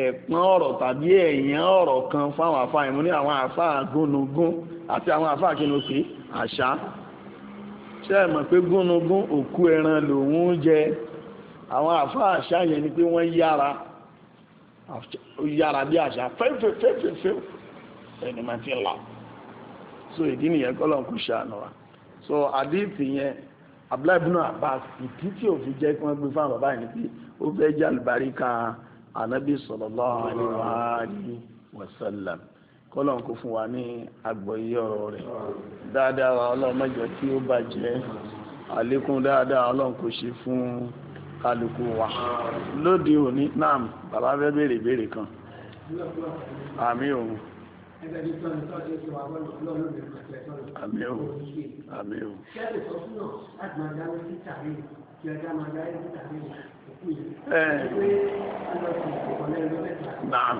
A: ẹ̀pọ́n ọ̀rọ̀ tàbí ẹ̀yán ọ̀rọ̀ kan fáwọn àfáà yẹn mo àwọn àfáà gúnnugún àti àwọn àfáà kí ni ó pè àṣà ṣé ẹ mọ̀ pé gúnnugún òkú ẹran lòun jẹ àwọn àfáà àṣà yẹn ni pé wọ́n yára yára bí àṣà fẹ́fẹ́fẹ́fẹ́ ẹni máa ti là so ìdí nìyẹn kọ́lọ̀ kò ṣàánú wa so àdíìtì yẹn Abdullahi ibn Abbas ìdí tí ò fi jẹ́ kí wọ́n gbé fún àbàbá yìí ni pé ó fẹ́ jẹ́ àlùbáríkà ànábì sallallahu alaihi wa sallam kọ́lọ́n kò fún wa ní àgbọ́yé ọ̀rọ̀ rẹ̀ dáadáa wa ọlọ́run má jẹ́ kí ó bàjẹ́ àlékún dáadáa ọlọ́run kò ṣe fún kálukú wa lóde òní náà bàbá fẹ́ béèrè ìbéèrè kan
B: àmì òun àmì òun àmì òun Naam.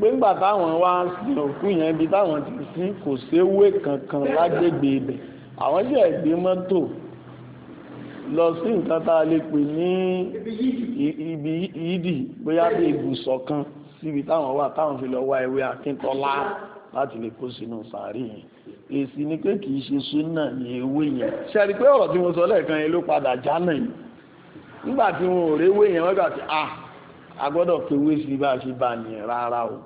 A: pé ńgbà táwọn wá ń sin òkú yẹn ibi táwọn ti sin kò séwé kankan lágbègbè ibẹ̀ àwọn sì gbé mọ́tò lọ sí nǹkan tá a lè pè ní ibi ìdì bóyá bí ibùsọ̀ kan síbi táwọn wà táwọn fi lọ wá ewé akíntọ́lá láti lè kó sínú sàárì yẹn èsì ni pé kì í ṣe súnà ní ewé yẹn ṣẹ́ni pé ọ̀rọ̀ tí mo sọ lẹ́ẹ̀kan yẹn ló padà jánà yìí nígbà tí wọn ò réwé yẹn wọ́n gbà tí ah a gbọ́dọ̀ fewé sí bá a ṣe bá nìyẹn rárá o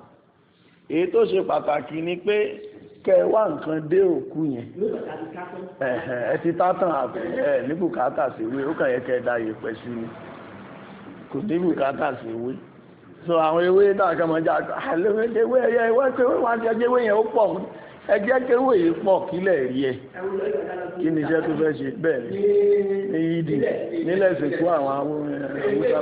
A: èyí tó ṣe pàtàkì ni pé kẹwà nǹkan dé òkú yẹn ẹ ti tátàn àbẹ ẹ ní bùkátà sí ìwé ó kàn yẹ kẹ da yẹpẹ sí ni kò ní bùkátà sí ìwé so àwọn ewé dàgbàmọjà àlewé ewé ẹyẹ ewé pé wọn ti ẹjẹ ewé yẹn ó pọ̀ ẹ jẹ́ kéwò yìí pọ̀ kílẹ̀ rí ẹ
B: kí ni iṣẹ́ tó fẹ́
A: ṣe bẹ́ẹ̀ ni ní yídì nílẹ̀ ìsìnkú àwọn amúsàlẹ̀ bẹ́ẹ̀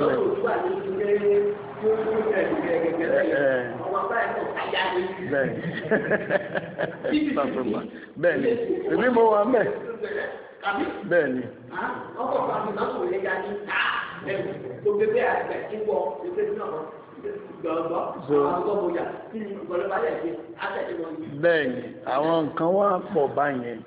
B: ni èmi mo wà mẹ́ bẹ́ẹ̀ ni. ọkọ̀ bàbá mi náà kò lè ga ní ta ẹ̀rù tó gbé bẹ́ẹ̀ àgbẹ̀ tí wọ́n náà bẹ́ẹ̀ni àwọn
A: nǹkan wá pọ̀ báyẹn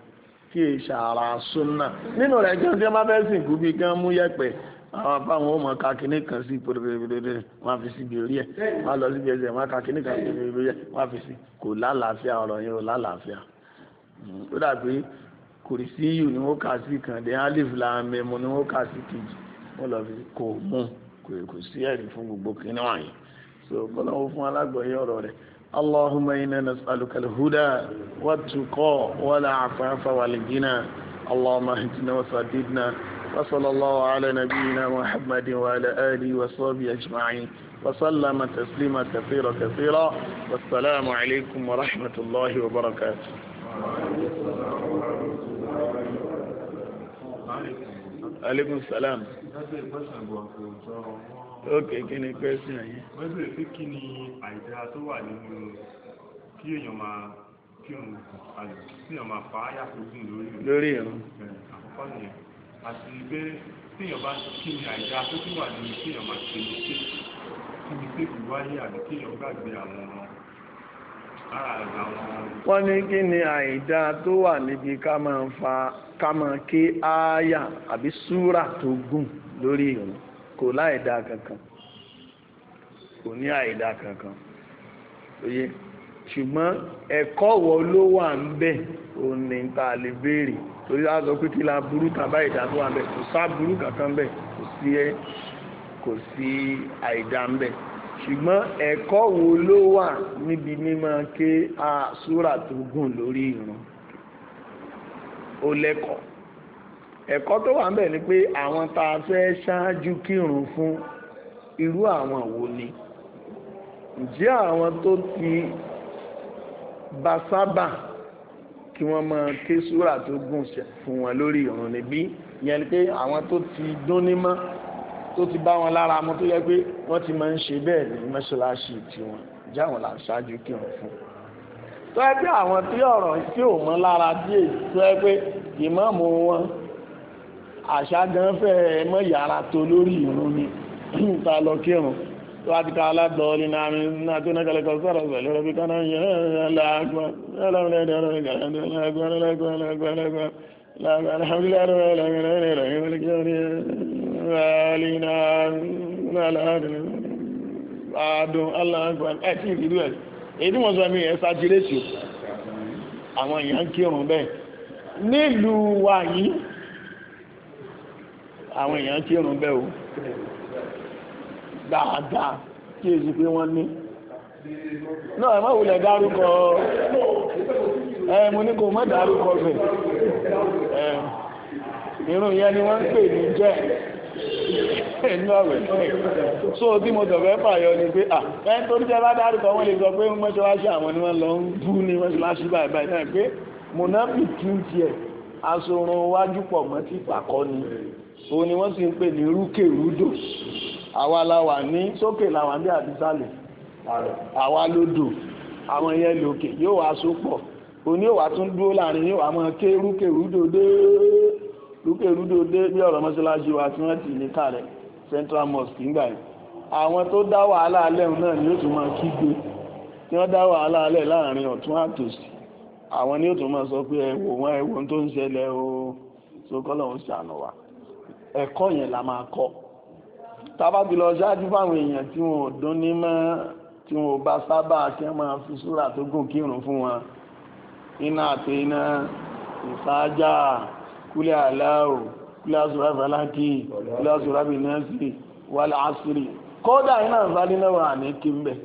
A: kí è ṣàrà súnà nínú rẹ̀ gan tí wọ́n fẹ́ sìnkú bí gan mú yẹ̀pẹ̀ àwọn afáwọn ọmọ ka kínní kan sí pèrèpèrèpèrè wọn á fi sí ibi orí ẹ wọn á lọ síbi ẹsẹ̀ wọn á ka kínní kan sí ibi orí ẹ wọn á fi sí kò lálàáfíà ọ̀rọ̀ yẹn ò lálàáfíà hmm, ó dàbí kùrìsíyù ni wọ́n kà sí kan dé alif lamẹ́mu ni wọ́n kà sí kejì wọ́n lọ fi kò mú kò sí ẹ̀rí fún gbogbo kínní wọ̀nyí. so kọ́nà ó fún alágbọ̀nyẹ ọ̀rọ̀ rẹ̀ اللهم إنا نسألك الهدى والتقى والعفاف والغنى اللهم اهدنا وسددنا وصلى الله على نبينا محمد وعلى آله وصحبه أجمعين وسلم تسليما كثيرا كثيرا والسلام عليكم ورحمة الله وبركاته عليكم السلام
B: Okay, kí ni question yìí? wọ́n bèèrè pé kí ni àìdára tó wà nínú kí
A: èèyàn kí fa gùn lórí ọrụ ọrụ
B: àkọ́kọ́ nìyẹn àti pé tí èèyàn bá kí ni àìdára tó tún wà nínú kí èèyàn ṣe ní ṣe kí ni wáyé àbí kí èèyàn gbàgbé àwọn
A: wọ́n ní kí ni àìdá tó wà níbi ká máa kò láìdá kankan kò ní àìdá kankan oye ṣùgbọ́n ẹ̀kọ́ wo ló wà ń bẹ̀ o ní ta lè béèrè torí a sọ pé kí la burú tàbá ìdá tó wà ń bẹ̀ kò sá burú kankan bẹ̀ kò sí ẹ kò sí àìdá ń bẹ̀ ṣùgbọ́n ẹ̀kọ́ ló wà níbi mímọ́ ké a súrà tó gùn lórí ìrun ó lẹ́kọ̀ọ́ ẹ̀kọ́ tó wà ń bẹ̀ ni pé àwọn tá a fẹ́ ṣáájú kírun fún irú àwọn wo ni ǹjẹ́ àwọn tó ti bá sábà kí wọ́n máa ké súrà tó gùn fún wọn lórí ìrun níbí ìyẹn ni pé àwọn tó ti dún ní mọ́ tó ti bá wọn lára mu tó yẹ pé wọ́n ti máa ń ṣe bẹ́ẹ̀ ní mọ́ṣáláṣí tiwọn ǹjẹ́ àwọn là ń ṣáájú kírun fún tó yẹ pé àwọn tí ọ̀rọ̀ tí ò mọ́ lára díẹ̀ tó yẹ pé ìmáàmù wọn àṣà gan fẹ́ mọ́ yàrá tó lórí ìrún ni ta lọ kírun tó a ti ká aládọ́ọ̀lì náà mi náà tó náà kẹlẹ́kọ̀ọ́ sọ̀rọ̀ pẹ̀lú rẹ̀ bí kánà ń yẹ lágbọ́n lágbọ́n lágbọ́n lágbọ́n nílùú wa yìí àwọn èèyàn tí ìrùn bẹ́ o dáadáa kí èsì pé wọ́n ní náà ẹ má wulẹ̀ dárúkọ ẹ mo ní kò má dárúkọ bẹ̀ ẹ irun yẹn ni wọ́n ń pè ní jẹ́ ẹ̀nú àwẹ̀ so tí mo tọ̀fẹ́ pààyọ ni pé à ẹ́ tó ní jẹba dárúkọ wọ́n lè sọ pé mọ́ṣáláṣí àwọn ni wọ́n lọ ń bú ní mọ́ṣáláṣí báyìí báyìí náà pé monapik tí ń tiẹ̀ asorun wájú pọ̀ mọ́ ti pàkọ́ ni òun ni wọ́n sì ń pè ní rúkèrúdò àwa la wà ní sókè la wà ní àbísàlẹ̀ àwa lódò àwọn yẹn lòkè yóò wá sopọ̀ òun yóò wá tún dúró láàrin yóò wá máa ké rúkèrúdò dé rúkèrúdò dé bí ọ̀rọ̀ mọ́ṣáláṣí wa tí wọ́n ti ní kàrẹ̀ central mosque ńgbà yìí àwọn tó dá wàhálà alẹ́ náà ni ó tún máa kígbe tí wọ́n dá wàhálà alẹ́ láàrin ọ̀tún àtòsí àwọn ni ó tún máa sọ pé ẹ wò wọ́n ẹ wò tó ń ṣẹlẹ̀ o so kọ́lọ̀ ń ṣàánú wa ẹ̀kọ́ yẹn la máa kọ́ tábàbí lọ ṣáájú fáwọn èèyàn tí wọn ò dún ní mọ́ tí wọn ò bá sábà kí wọ́n máa fi súrà tó gùn kírun fún wọn iná àti iná ìsáájà kúlẹ̀ aláwò kúlẹ̀ àṣùrà fàlákì kúlẹ̀ àṣùrà bìnẹ́sì wàlẹ̀ àṣírí kódà iná ìfàdínlẹ́wà ní kí ń bẹ̀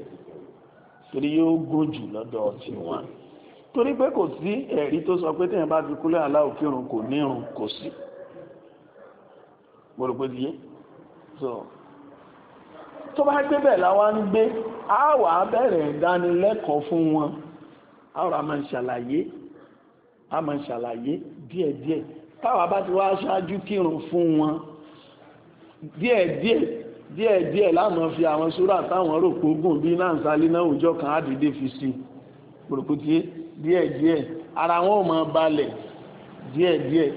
A: torí yóò gùn jù lọ́dọ̀ tí wọn torí pé kò sí ẹ̀rí tó sọ pé téèyàn bá fi kúlẹ̀ aláwò kírun kò nírun kò sí mo so tó bá gbé bẹ́ẹ̀ làwa ń gbé a wà á bẹ̀rẹ̀ ìdánilẹ́kọ̀ọ́ fún wọn a rà máa ń ṣàlàyé a máa ń ṣàlàyé díẹ̀díẹ̀ táwa bá ti wá aṣáájú kírun fún wọn díẹ̀díẹ̀ díẹ̀díẹ̀ láàmọ́ fi àwọn súrà ara wọn ò máa balẹ̀ díẹ̀díẹ̀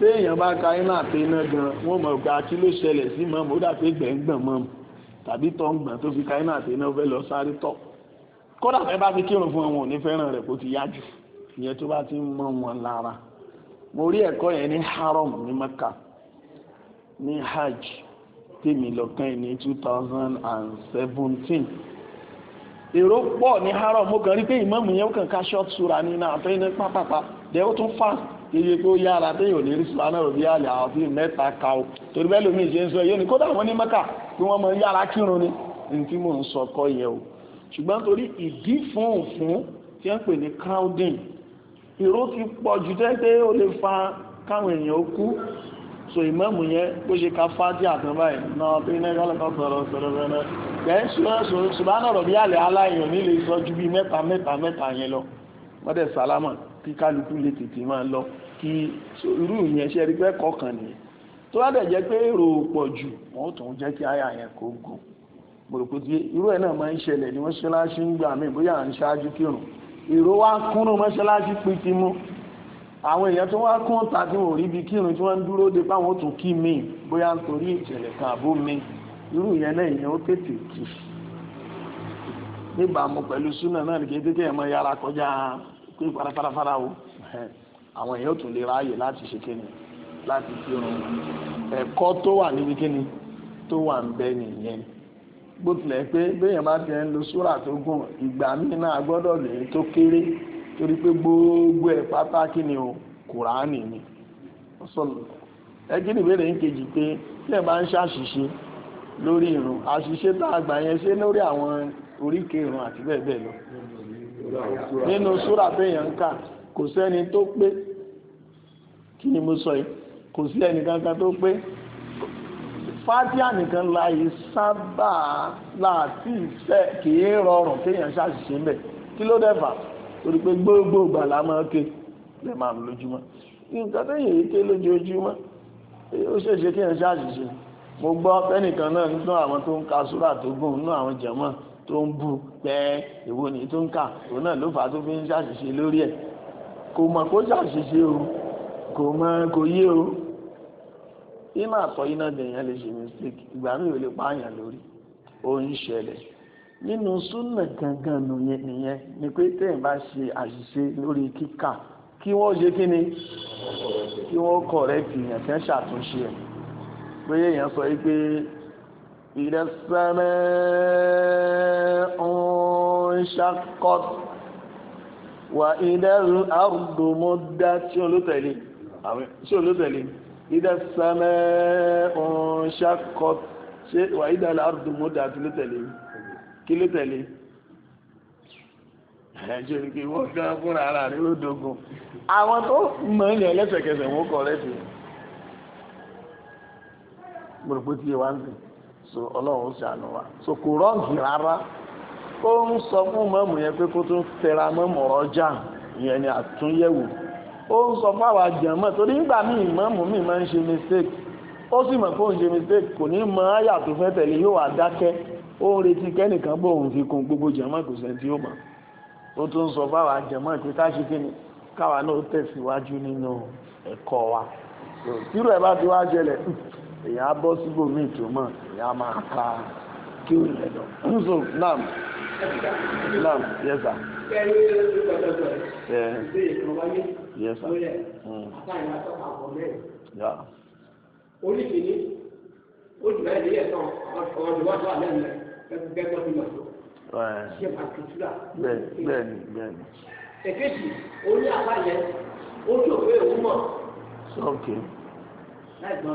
A: téèyàn bá ka iná àti iná gan wọ́n mọ̀ pé akí ló ṣẹlẹ̀ sí mọ́mù ó dà pé gbẹ̀ngbọ̀n mọ́mù tàbí tọ́ ń gbọ̀n tó fi ka iná àti iná fẹ́ lọ sáré tọ̀ kódà fẹ́ bá fi kírun fún wọn ò ní fẹ́ràn rẹ̀ kó ti yá jù ìyẹn tó bá ti ń mọ́ wọn lára mo rí ẹ̀kọ́ yẹn ní haram ní mẹ́ka ní hajj tèmi lọ́kàn ẹ̀ ní two thousand and seventeen èrò pọ̀ ní haram mo kàn rí pé ìmáàmù yẹn ó kàn ká short sura ní iná àtọ́ iná pápápá dẹ́ tún fast iye tó yára téèyàn lè rí sùpánà òbí àlè àwọn fíìmù mẹ́ta ka o torí bẹ́ẹ̀ lómi ìṣe ń sọ yé ni kódà wọ́n ní mẹ́ka tí wọ́n máa yára kírun ni ní tí mò ń sọ kọ́ yẹ o ṣùgbọ́n torí ìdí fún òfún tí wọ́n pè ní crowding ìró ti pọ̀ jù tẹ́tẹ́ ó lè fa káwọn èèyàn ó kú so ìmáàmù yẹn bó ṣe ka fájí àtàn báyìí náà tó iná ìgbàlọ́kọ̀ sọ̀rọ̀ sọ̀rọ̀ bẹ́ẹ̀ bẹ́ẹ̀ ṣùgbọ́n ọ̀rọ̀ bí àlè aláìyàn nílé sọ ju bíi mẹ́ta mẹ́ta mẹ́ta yẹn lọ mọ́dẹ̀ sálámà kí kálukú lè tètè máa lọ kí irú ìyẹn ṣe rí pé kọkàn nìyẹn tó bá dẹ̀ jẹ́ pé èrò pọ̀ jù wọ́n tún jẹ́ kí àyà yẹn kó gùn gbòdòkó tí irú ẹ̀ náà máa ń ṣẹlẹ̀ ní mọ́ṣáláṣí ń gbà mí bóyá à ń ṣáájú kírun èrò wá kúnnú mọ́ṣáláṣí pín ti mú àwọn èèyàn tó wá kún ta tí wọ́n rí bí kírun tí wọ́n ń dúró de báwọn tún kí mi bóyá nítorí ìṣẹ̀lẹ̀ kan àbó mi irú ìyẹn náà ìyẹn ó tètè kì níbàámu pẹ̀lú súnà náà nìkan tètè ẹ̀ mọ́ yára kọjá pé farafara o àwọn èèyàn tún lè ráàyè láti ṣe kíni láti fi ràn ẹ̀kọ́ tó wà níbi kíni tó wà ń bẹ nìyẹn bó tilẹ̀ pé béèyàn bá ti ń lo súrà tó gùn ìgbà míì náà lè tó kéré torí pé gbogbo ẹ̀ o kùránì ni ẹ kí ni ìbéèrè ń kejì pé irun àṣìṣe tá a gbà yẹn ṣe lórí àwọn irun àti bẹ́ẹ̀
B: nínú súrà téèyàn ń kà
A: kò sẹ́ni tó pé kí ni mo sọ yìí kò sí ẹnì kankan tó pé fátíà nìkan láàyè sábà láti ìfẹ́ kìí rọrùn kéèyàn ṣàṣìṣe ń bẹ̀ kí ló dẹ́fà torí pé gbogbo ìgbà la máa ké lè máa lójúmọ́ nǹkan téèyàn yìí ké lójoojúmọ́ ó ṣèṣe kéèyàn ṣàṣìṣe mo gbọ́ fẹ́nìkan náà nínú àwọn tó ń ka súrà tó gùn nínú àwọn jẹ̀mọ́ tó ń bú pé èwo ni tó ń kà òun náà ló fà á tó fi ń ṣàṣìṣe lórí ẹ̀ kò mọ̀ kó ṣàṣìṣe o kò mọ̀ kò yé o iná àtọ̀ iná dèèyàn lè ṣe mistake ìgbà mi ò lè pààyàn lórí ó ń ṣẹlẹ̀ nínú súnà gangan nìyẹn nìyẹn ni pé téèyàn bá ṣe àṣìṣe lórí kíkà kí wọ́n ṣe kí ni kí wọ́n kọ̀rẹ́tì èèyàn kẹ́ ṣàtúnṣe ẹ̀ pé èèyàn sọ yìí pé إذا السماء انشقت وإذا الأرض مدت شو لتلي شو لتلي إذا السماء انشقت وإذا الأرض مدت لتلي kí ló tẹ̀lé ẹ̀jọ́ ìrìnkì wọ́n gan fúnra ara rẹ̀ ló dogun àwọn tó mọ̀ ń yàn lẹ́sẹ̀kẹsẹ̀ wọ́n kọ̀ rẹ̀ sí gbòròpó tí wá ń sìn so ọlọ́run ó ṣàánú wa so kò rọ́ǹgì rárá ó ń sọ fún mọ́mù yẹn pé kó tó tẹra mọ́mù ọjà ìyẹn ni àtúnyẹ̀wò ó ń sọ fún àwọn àjẹmọ́ torí nígbà míì mọ́mù míì máa ń ṣe mistake ó sì mọ̀ pé òun ṣe mistake kò ní mọ àyà tó fẹ́ tẹ̀lé yóò wá dákẹ́ ó ń retí kẹ́nìkan bó òun fi kún gbogbo jẹ̀mọ́ kò sẹ́ni tí ó mọ̀ ó tún sọ fún àwọn àjẹmọ́ pé ká kí ni káwa náà tẹ̀síwájú nínú ẹ̀kọ́ wa
B: tírú ẹ̀ bá ti wá ṣẹlẹ̀
A: èyàn á bọ́ síbò míì tó mọ̀ èyàn á máa ka kí ó lẹ̀ lọ. so naam naam yes sir.
B: Yeah. Yes, sir. Mm. Yeah. Oníkìní, ó dùn ẹ́ ní ẹ̀sán ọ̀dùnwájú àlẹ́ mi gẹ́gẹ́ bọ́ sí lọ́sọ̀. Ṣé àkìtúrà? Bẹ́ẹ̀ni, bẹ́ẹ̀ni, bẹ́ẹ̀ni. Èkejì, ó ní àbáyẹ, ó tó pé òun mọ̀. Sọ́ọ̀kì. Láìpẹ́.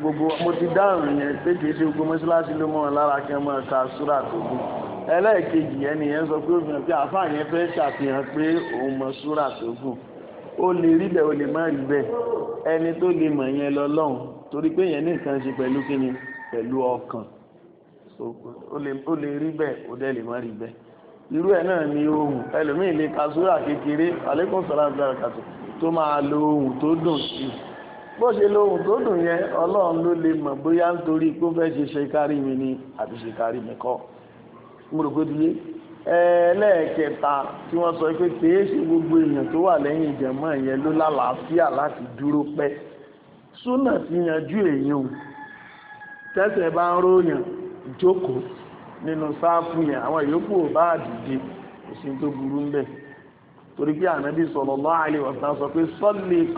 A: gbogbo mo ti dáhùn yẹn pé kìí ṣe gbogbo mọ́ṣáláṣí ló mọ́ lára kí ọmọ ẹ̀ka súrà tó gùn ẹlẹ́ẹ̀kejì yẹn nìyẹn sọ pé òfin pé àáfà yẹn fẹ́ ṣàfihàn pé òun mọ súrà tó gùn ó lè rí bẹ́ẹ̀ ó lè má rí bẹ́ẹ̀ ẹni tó lè mọ̀ yẹn lọ́lọ́run torí pé yẹn ní nǹkan ṣe pẹ̀lú kíni pẹ̀lú ọkàn ó lè rí bẹ́ẹ̀ ó dẹ́ lè má rí bẹ́ẹ̀ irú ẹ̀ náà ni ohun ẹlòmíì lè ka súrà kékeré àlékún sọ̀rọ̀ àgbàrà tó máa lo ohun tó dùn sí i bó ṣe lóhùn tó dùn yẹn ọlọ́run ló lè mọ̀ bóyá nítorí pé ó ṣe ṣe mi ni àbí ṣe kárí mi kọ́ mo rò pé díye tí wọ́n sọ pé kìí ṣe gbogbo èèyàn tó wà lẹ́yìn ìjẹ̀mọ́ yẹn ló lálàáfíà láti dúró pẹ́ súnà ti yanjú èèyàn tẹ́sẹ̀ bá ń jókòó nínú yẹn àwọn ìyókù ò bá dìde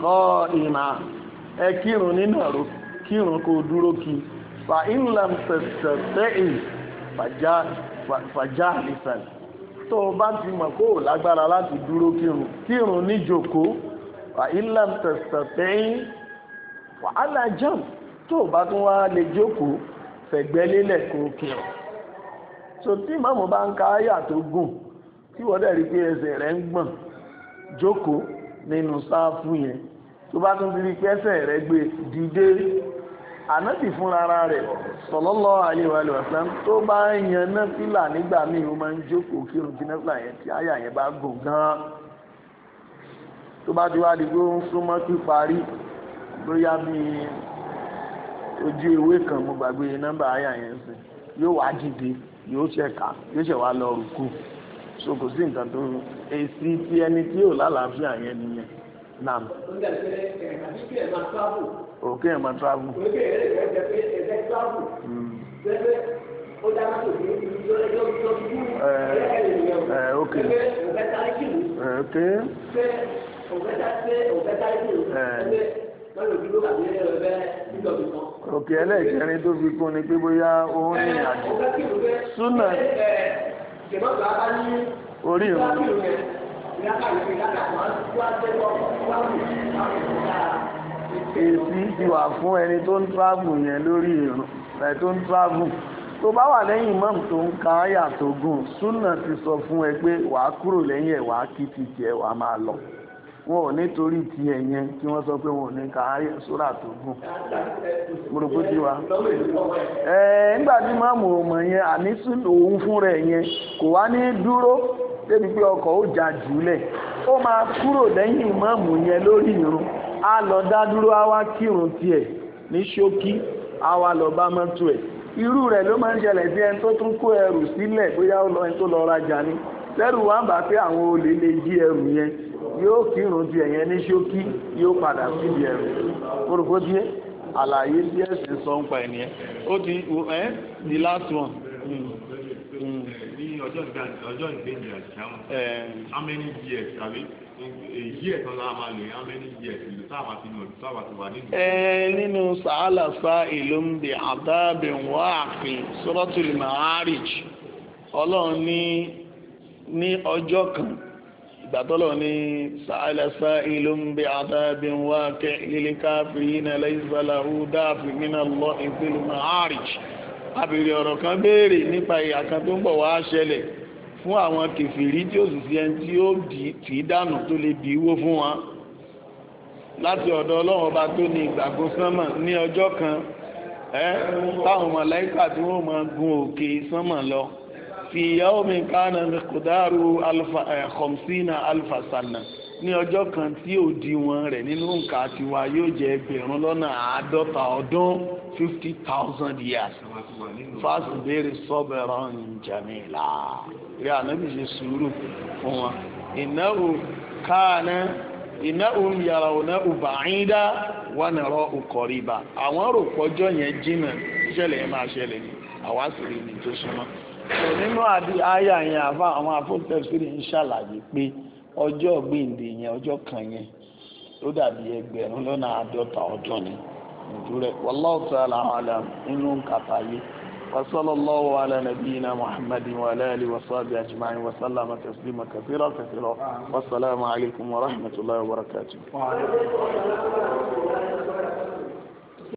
A: kò sí ẹ kírun nínú àrò kírun kó dúró kí fa inlam tẹ̀sẹ̀tẹ̀ì fàjá àlìsàn tó o bá ti mọ̀ kó o lágbára láti dúró kírun kírun ní jòkó fa inlam tẹ̀sẹ̀tẹ̀ì wàhálà jàm tó o bá tún wá lè jókòó fẹ̀gbẹ́ lélẹ̀ kó kírun so tí màmú bá ń ka àyà tó gùn tí wọ́n dẹ̀ rí pé ẹsẹ̀ rẹ̀ ń gbọ̀n jókòó nínú sáfù yẹn tó bá tún ti rí pẹ́sẹ̀ rẹ gbé dìde ànábì fúnra rẹ̀ sallallahu alaihi wa sallam tó bá ń yan náfìlà nígbà míì ó máa ń jókòó kírun kí náfìlà yẹn tí àyà yẹn bá gùn gan-an tó bá ti wá di pé ó ń súnmọ́ sí parí bóyá bí ojú ewé kan mo gbàgbé nọ́mbà àyà yẹn sí yóò wá dìde yóò ṣẹ̀ka yóò ṣẹ̀ wá lọ rùkú so kò sí nǹkan tó èsì ti ẹni tí yóò lálàáfíà yẹn nìyẹn. Naam.
B: Òkè ẹ̀ máa travel.
A: Òkè ẹ̀ ẹ̀
B: travel. Sẹ́fẹ̀ hmm. ó dáná eh, eh, eh, tó fi ìjọ ẹjọ́ tó kú. Ẹ ẹ òkè. Òkè táyé kìlú. Òkè. Ṣé òkè táyé kìlú? Ẹ òkè ẹlẹ́ẹ̀kẹrin
A: tó fi kún ni pé bóyá
B: òun ní àjò súnà orí ìrún èsì
A: ti wà fún ẹni tó ń travel yẹn lórí ìrùn ẹ̀ tó ń travel tó bá wà lẹ́yìn imam tó ń ka àyà tó gùn súnà ti sọ fún ẹ pé wà á kúrò lẹ́yìn ẹ̀ wà wàá kí ti jẹ́ wà á máa lọ wọn ò nítorí ti yẹn kí wọ́n sọ pé wọn ò ní ka àyà sóra tó gùn gbogbo ti wa. ẹ̀ nígbà tí imam ò mọ̀ yẹn àní sùn òun fúnra ẹ̀ yẹn kò wá ní dúró débi pé ọkọ̀ ó já jùlẹ̀ ó máa kúrò lẹ́yìn ìmáàmù yẹn lórí irun á lọ dá dúró á wá kírun tiẹ̀ ní ṣókí á wá lọ bá mọ́tò ẹ̀ irú rẹ̀ ló máa ń ṣẹlẹ̀ sí ẹni tó tún kó ẹrù sílẹ̀ bóyá ẹni tó lọ rajà ni lẹ́rù wá bá pé àwọn olè lè jí ẹrù yẹn yóò kírun tiẹ̀ yẹn ní ṣókí yóò padà síbi ẹrù kórókó díẹ̀ àlàyé bí ẹ̀sìn sọ ń pa ẹ̀ nìyẹn ó ti ẹ́ the last one. Mm. Mm. ọjọ́ ìgbéǹde àṣìṣàmù how many years àbí èyí ẹ̀tọ́ la máa lò how many years ìlú sáàbà ti lò sáàbà ti wà nínú. nínú sàálà sá ìlú ń àfin ní ní ọjọ́ kan ní sàálà sá ìlú ń bi káfíìn abèrè ọ̀rọ̀ kan béèrè nípa ìyà kan tó ń bọ̀ wá ṣẹlẹ̀ fún àwọn kèfèrí tí ó sì sí ẹni tí ó tì í dànù tó lè bí wó fún wọn láti ọ̀dọ̀ ọlọ́run ọba tó ní ìgbàgbó sánmà ní ọjọ́ kan ẹ́ táwọn mọ̀láíkà tí wọ́n máa gun òkè sánmà lọ fi yawmin kana miqdaru kòdáàrú khamsina alfa sana ní ọjọ́ kan tí òdiwọ̀n rẹ̀ nínú nǹka tiwa yóò jẹ́ ẹgbẹ̀rún lọ́nà àádọ́ta ọdún fifty thousand years fásitì sọ́bẹ̀rọ̀ njàmílà rí ànábì ṣe sùúrù fún wọn ìnáwó káàná ìnáwó yàrá òná ùbàáyídá wà nírọ̀ òkọ̀rìbà àwọn rò pọ́jọ́ yẹn jìnnà ṣẹlẹ̀ yẹn máa ṣẹlẹ̀ ni àwa sì rí ni tó súnmọ́ nínú àdí àyà yẹn àfa àwọn afọ́tẹ́sí ń ṣàlàyé pé ọjọ́ gbìndé yẹn ọjọ́ kan yẹn ó dàbí ẹgbẹ̀rún lọ́nà àádọ́ta ọdún ni ìdúrẹ́ wallahu ta'ala alam inú kàtàyé وصلى الله على نبينا محمد وعلى اله وصحبه اجمعين وسلم تسليما كثيرا كثيرا والسلام عليكم ورحمه الله
B: وبركاته